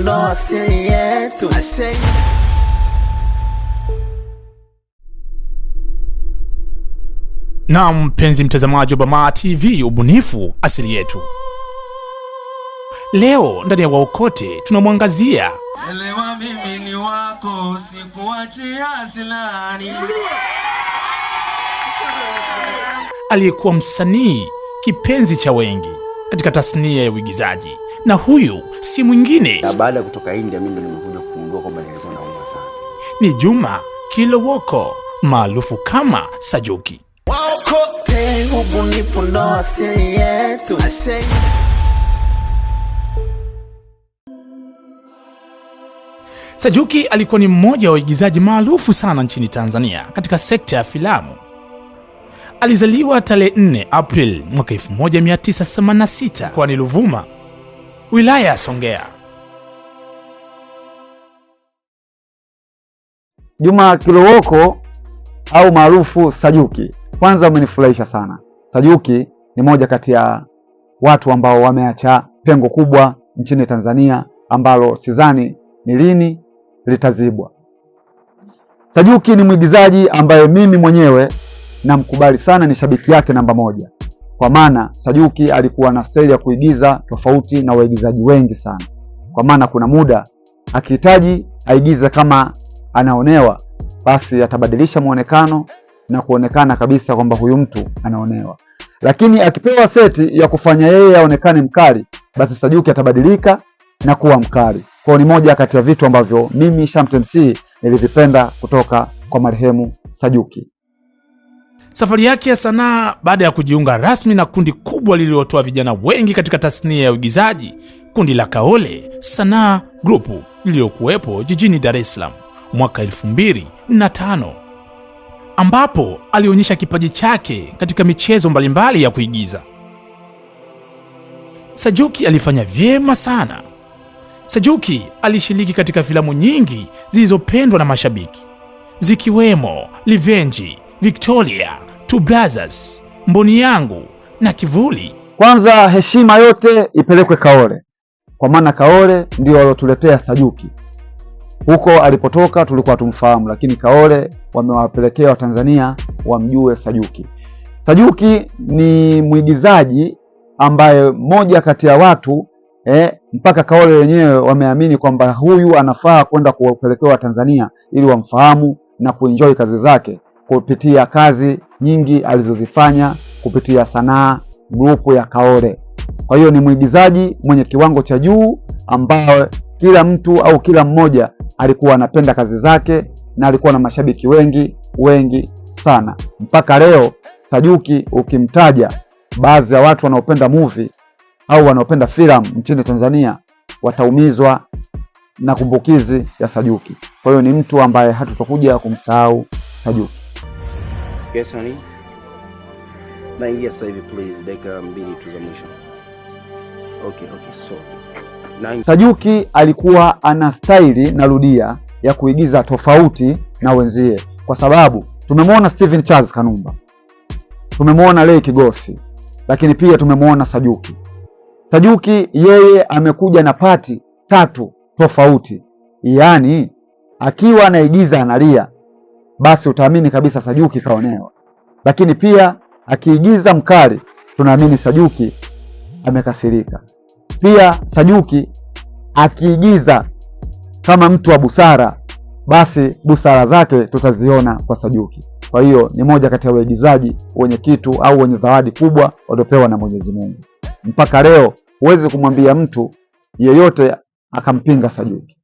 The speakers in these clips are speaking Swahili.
ndo asili yetu. Na mpenzi mtazamaji wa Bamaa TV, ubunifu asili yetu. Leo ndani ya Waokote tunamwangazia elewa, mimi ni wako, sikuachia silani, aliyekuwa msanii kipenzi cha wengi katika tasnia ya uigizaji, na huyu si mwingine na baada ya kutoka India mimi ndo nimekuja kugundua kwamba nilikuwa naumwa sana, ni Juma Kilowoko maarufu kama Sajuki. Sajuki alikuwa ni mmoja wa waigizaji maarufu sana nchini Tanzania katika sekta ya filamu Alizaliwa tarehe 4 april mwaka 1986 kwani Luvuma, wilaya ya Songea. Juma Kilowoko au maarufu Sajuki, kwanza umenifurahisha sana. Sajuki ni moja kati ya watu ambao wameacha pengo kubwa nchini Tanzania ambalo sidhani ni lini litazibwa. Sajuki ni mwigizaji ambaye mimi mwenyewe namkubali sana, ni shabiki yake namba moja, kwa maana Sajuki alikuwa na staili ya kuigiza tofauti na waigizaji wengi sana, kwa maana kuna muda akihitaji aigize kama anaonewa, basi atabadilisha mwonekano na kuonekana kabisa kwamba huyu mtu anaonewa, lakini akipewa seti ya kufanya yeye aonekane mkali, basi Sajuki atabadilika na kuwa mkali. Kwa ni moja kati ya vitu ambavyo mimi Sham nilivipenda kutoka kwa marehemu Sajuki. Safari yake ya sanaa baada ya kujiunga rasmi na kundi kubwa lililotoa vijana wengi katika tasnia ya uigizaji, kundi la Kaole Sanaa Grupu lililokuwepo jijini Dar es Salaam mwaka 205 ambapo alionyesha kipaji chake katika michezo mbalimbali ya kuigiza. Sajuki alifanya vyema sana. Sajuki alishiriki katika filamu nyingi zilizopendwa na mashabiki zikiwemo Livenji, Victoria, Two Brothers, Mboni yangu na Kivuli. Kwanza heshima yote ipelekwe Kaole, kwa maana Kaole ndio waliotuletea Sajuki. Huko alipotoka tulikuwa tumfahamu, lakini Kaole wamewapelekea Watanzania wamjue Sajuki. Sajuki ni mwigizaji ambaye moja kati ya watu eh, mpaka Kaole wenyewe wameamini kwamba huyu anafaa kwenda kuwapelekewa Tanzania ili wamfahamu na kuenjoy kazi zake kupitia kazi nyingi alizozifanya kupitia sanaa grupu ya Kaole. Kwa hiyo ni mwigizaji mwenye kiwango cha juu ambaye kila mtu au kila mmoja alikuwa anapenda kazi zake na alikuwa na mashabiki wengi wengi sana. Mpaka leo Sajuki ukimtaja, baadhi ya watu wanaopenda movie au wanaopenda filamu nchini Tanzania wataumizwa na kumbukizi ya Sajuki. Kwa hiyo ni mtu ambaye hatutakuja kumsahau Sajuki. Yes, honey. Naingia sasa hivi please, dakika mbili tu za mwisho. Okay, okay, so. Nine... Sajuki alikuwa ana staili narudia ya kuigiza tofauti na wenzie, kwa sababu tumemwona Steven Charles Kanumba, tumemwona lei Kigosi, lakini pia tumemwona Sajuki. Sajuki yeye amekuja na pati tatu tofauti, yaani akiwa anaigiza analia basi utaamini kabisa Sajuki kaonewa. Lakini pia akiigiza mkali, tunaamini Sajuki amekasirika. Pia Sajuki akiigiza kama mtu wa busara, basi busara zake tutaziona kwa Sajuki. Kwa hiyo ni moja kati ya waigizaji wenye kitu au wenye zawadi kubwa waliopewa na Mwenyezi Mungu. Mpaka leo huwezi kumwambia mtu yeyote akampinga Sajuki.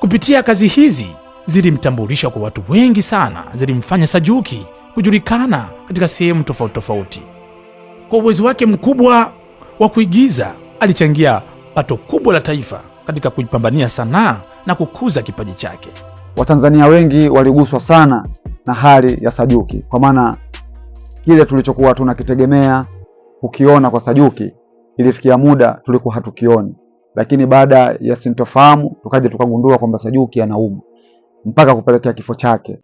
Kupitia kazi hizi zilimtambulisha kwa watu wengi sana, zilimfanya Sajuki kujulikana katika sehemu tofauti tofauti. Kwa uwezo wake mkubwa wa kuigiza, alichangia pato kubwa la taifa katika kuipambania sanaa na kukuza kipaji chake. Watanzania wengi waliguswa sana na hali ya Sajuki, kwa maana kile tulichokuwa tunakitegemea kukiona kwa Sajuki ilifikia muda tulikuwa hatukioni, lakini baada ya sintofahamu tukaja tukagundua kwamba Sajuki anaumwa mpaka kupelekea kifo chake.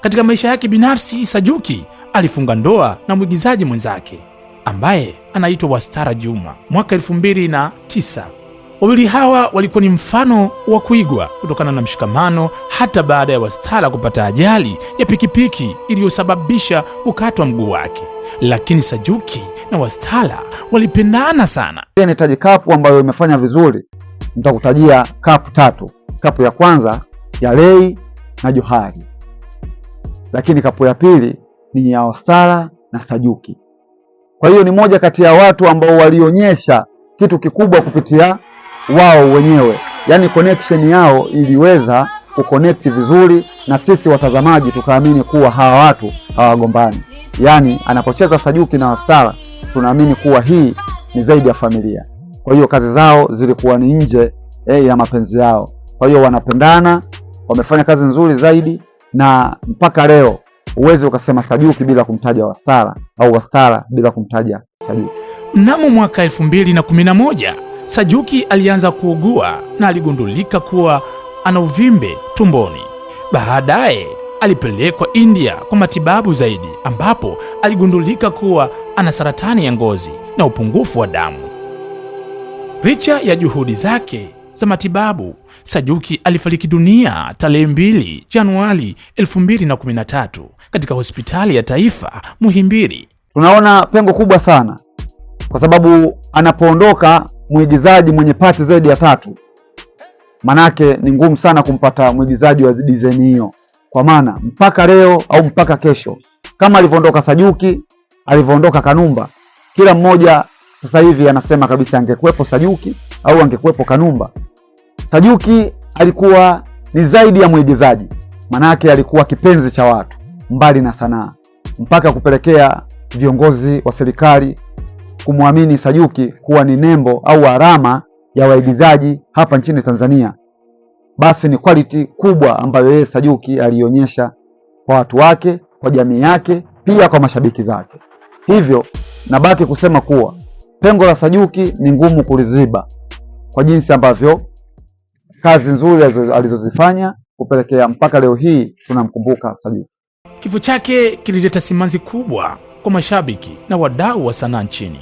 Katika maisha yake binafsi, Sajuki alifunga ndoa na mwigizaji mwenzake ambaye anaitwa Wastara Juma mwaka elfu mbili na tisa. Wawili hawa walikuwa ni mfano wa kuigwa kutokana na mshikamano hata baada ya Wastara kupata ajali ya pikipiki iliyosababisha kukatwa mguu wake, lakini Sajuki na Wastara walipendana sana. Ni Taji Kapu ambayo imefanya vizuri nitakutajia kapu tatu. Kapu ya kwanza ya Rei na Johari, lakini kapu ya pili ni ya Ostara na Sajuki. Kwa hiyo ni moja kati ya watu ambao walionyesha kitu kikubwa kupitia wao wenyewe, yaani connection yao iliweza kuconnect vizuri, na sisi watazamaji tukaamini kuwa hawa watu hawagombani. Yaani anapocheza Sajuki na Ostara tunaamini kuwa hii ni zaidi ya familia. Kwa hiyo kazi zao zilikuwa ni nje eh, ya mapenzi yao. Kwa hiyo wanapendana, wamefanya kazi nzuri zaidi, na mpaka leo huwezi ukasema Sajuki bila kumtaja Wastara au Wastara bila kumtaja Sajuki. Mnamo mwaka elfu mbili na kumi na moja Sajuki alianza kuugua na aligundulika kuwa ana uvimbe tumboni. Baadaye alipelekwa India kwa matibabu zaidi, ambapo aligundulika kuwa ana saratani ya ngozi na upungufu wa damu. Licha ya juhudi zake za matibabu, Sajuki alifariki dunia tarehe 2 Januari 2013 katika hospitali ya taifa Muhimbili. Tunaona pengo kubwa sana kwa sababu anapoondoka mwigizaji mwenye pati zaidi ya tatu, manake ni ngumu sana kumpata mwigizaji wa dizaini hiyo, kwa maana mpaka leo au mpaka kesho, kama alivyoondoka Sajuki, alivyoondoka Kanumba, kila mmoja sasa hivi anasema kabisa angekuwepo Sajuki au angekuwepo Kanumba. Sajuki alikuwa ni zaidi ya mwigizaji, manake alikuwa kipenzi cha watu mbali na sanaa, mpaka kupelekea viongozi wa serikali kumwamini Sajuki kuwa ni nembo au alama ya waigizaji hapa nchini Tanzania. Basi ni quality kubwa ambayo yeye Sajuki alionyesha kwa watu wake, kwa jamii yake, pia kwa mashabiki zake. Hivyo nabaki kusema kuwa Pengo la Sajuki ni ngumu kuliziba kwa jinsi ambavyo kazi nzuri alizozifanya kupelekea mpaka leo hii tunamkumbuka Sajuki. Kifo chake kilileta simanzi kubwa kwa mashabiki na wadau wa sanaa nchini.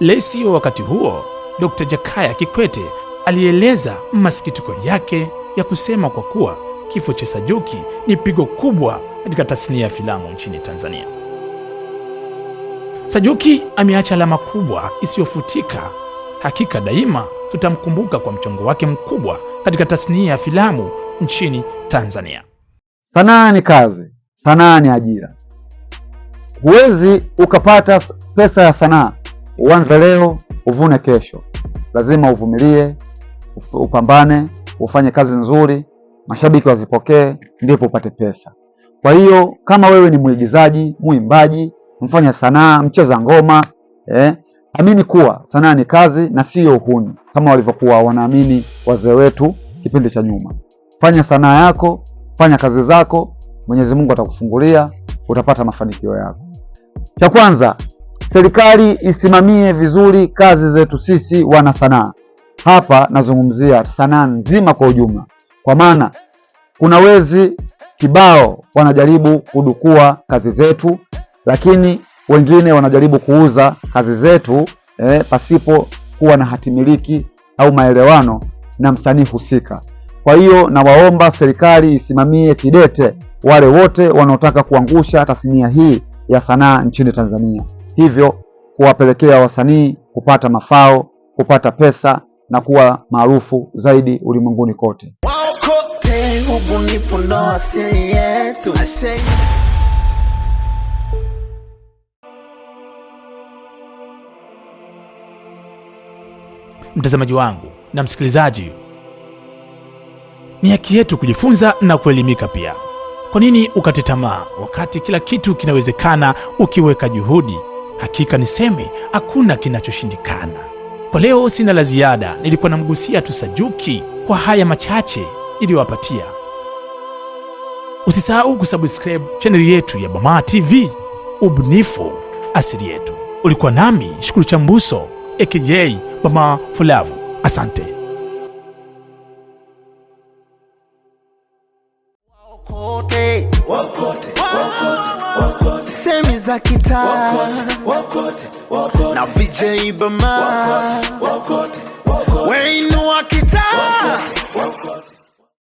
Rais wa wakati huo Dr. Jakaya Kikwete alieleza masikitiko yake ya kusema kwa kuwa kifo cha Sajuki ni pigo kubwa katika tasnia ya filamu nchini Tanzania. Sajuki ameacha alama kubwa isiyofutika. Hakika daima tutamkumbuka kwa mchango wake mkubwa katika tasnia ya filamu nchini Tanzania. Sanaa ni kazi, sanaa ni ajira. Huwezi ukapata pesa ya sanaa uanze leo uvune kesho. Lazima uvumilie, upambane, ufanye kazi nzuri, mashabiki wazipokee, ndipo upate pesa. Kwa hiyo kama wewe ni mwigizaji, mwimbaji mfanya sanaa, mcheza ngoma eh. Amini kuwa sanaa ni kazi na sio uhuni kama walivyokuwa wanaamini wazee wetu kipindi cha nyuma. Fanya sanaa yako, fanya kazi zako, Mwenyezi Mungu atakufungulia, utapata mafanikio yako. Cha kwanza, serikali isimamie vizuri kazi zetu sisi wana sanaa. Hapa nazungumzia sanaa nzima kwa ujumla, kwa maana kuna wezi kibao wanajaribu kudukua kazi zetu lakini wengine wanajaribu kuuza kazi zetu eh, pasipo kuwa na hatimiliki au maelewano na msanii husika. Kwa hiyo nawaomba serikali isimamie kidete wale wote wanaotaka kuangusha tasnia hii ya sanaa nchini Tanzania, hivyo kuwapelekea wasanii kupata mafao, kupata pesa na kuwa maarufu zaidi ulimwenguni kote. mtazamaji wangu na msikilizaji, ni haki yetu kujifunza na kuelimika pia. Kwa nini ukate tamaa wakati kila kitu kinawezekana ukiweka juhudi? Hakika niseme hakuna kinachoshindikana. Kwa leo sina la ziada, nilikuwa namgusia tu Sajuki kwa haya machache iliyowapatia. Usisahau kusubscribe chaneli yetu ya Bamaa TV, ubunifu asili yetu. Ulikuwa nami Shukuru Chambuso aka Mama Fulavu. Asante. Semi za na VJ Bama wakote, wakote.